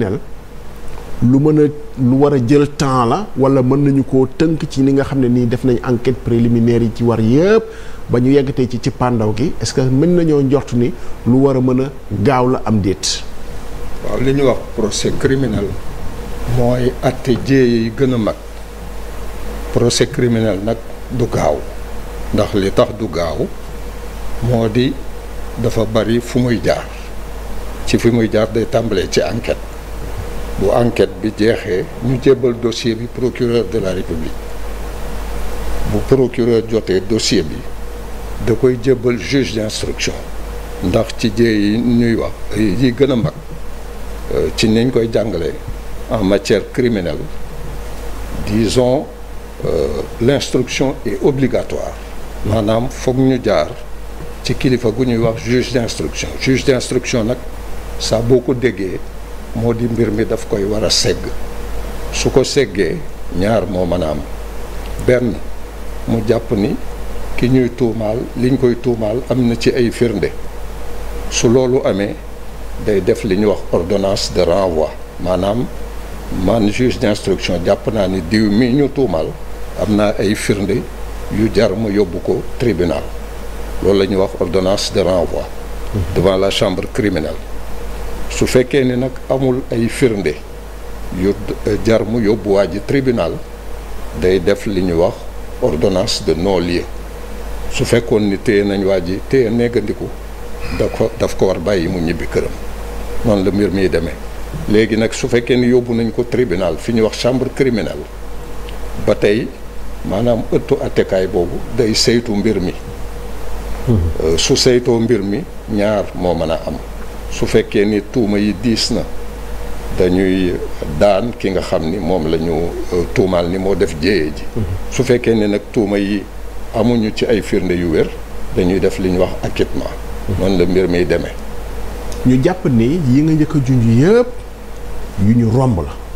nel lu mën a lu war a jël temps la wala mën nañu ko tënk ci ni nga xam ne nii def nañ enquête préliminaire yi ci war yëpp ba ñu yeggatee ci ci pàndaw gi est-ce que mën nañoo njort ni lu war a mën a gaaw la am déet. waaw li ñu wax procès criminel mooy atte jéeye yi gën a mag procès criminel nag du gaaw ndax li tax du gaaw moo di dafa bari fu muy jaar ci fi muy jaar day tàmbalee ci enquête. bu enquête bi jeexee ñu jébbal dossier bi procureur de la république bu procureur jotee dossier bi da koy jébbal juge d'instruction ndax ci jee yi ñuy wax yi gën a mag euh, ci niñ koy jàngalee en matière criminelle disons euh, l'instruction est obligatoire maanaam foog ñu jaar ci kilifa gu ñuy wax juge d'instruction juge d'instruction nag sax boo ko déggee moo di mbir mi daf koy war a segg su ko seggee ñaar moo mën a am benn mu jàpp ni ki ñuy tuumaal liñ koy tuumaal am na ci ay firnde su loolu amee day def li ñuy wax ordonnance de renvoi maanaam man juge d'instruction jàpp naa ni diw mi ñu tuumaal am naa ay firnde yu jar mu yóbbu ko tribunal loolu la ñuy wax ordonnance de renvoi hmm. devant la chambre criminelle su fekkee ni nag amul ay firnde yu jar yóbbu waa ji tribunal day def li ñuy wax ordonnance de non su fekkoon ni téye nañ waa ji téye néegandiku daf ko daf ko war bàyyi mu ñibbi këram noonu la mbir mii demee léegi nag su fekkee ni yóbbu nañ ko tribunal fi ñuy wax chambre criminelle ba tey maanaam ëttu attekaay boobu day saytu mbir mi hmm. euh, su saytoo mbir mi ñaar moo mën a am su fekkee ni tuuma yi diis na dañuy daan ki nga xam ni moom la ñu euh, tuumaal ni moo def jéyee ji mm-hmm. su fekkee ne nag tuuma yi amuñu ci ay firnde yu wér dañuy def li ñu wax acquittement mm-hmm. noonu la mbir miy demee ñu jàpp ni yi nga njëkk a junj yëpp yu ñu romb la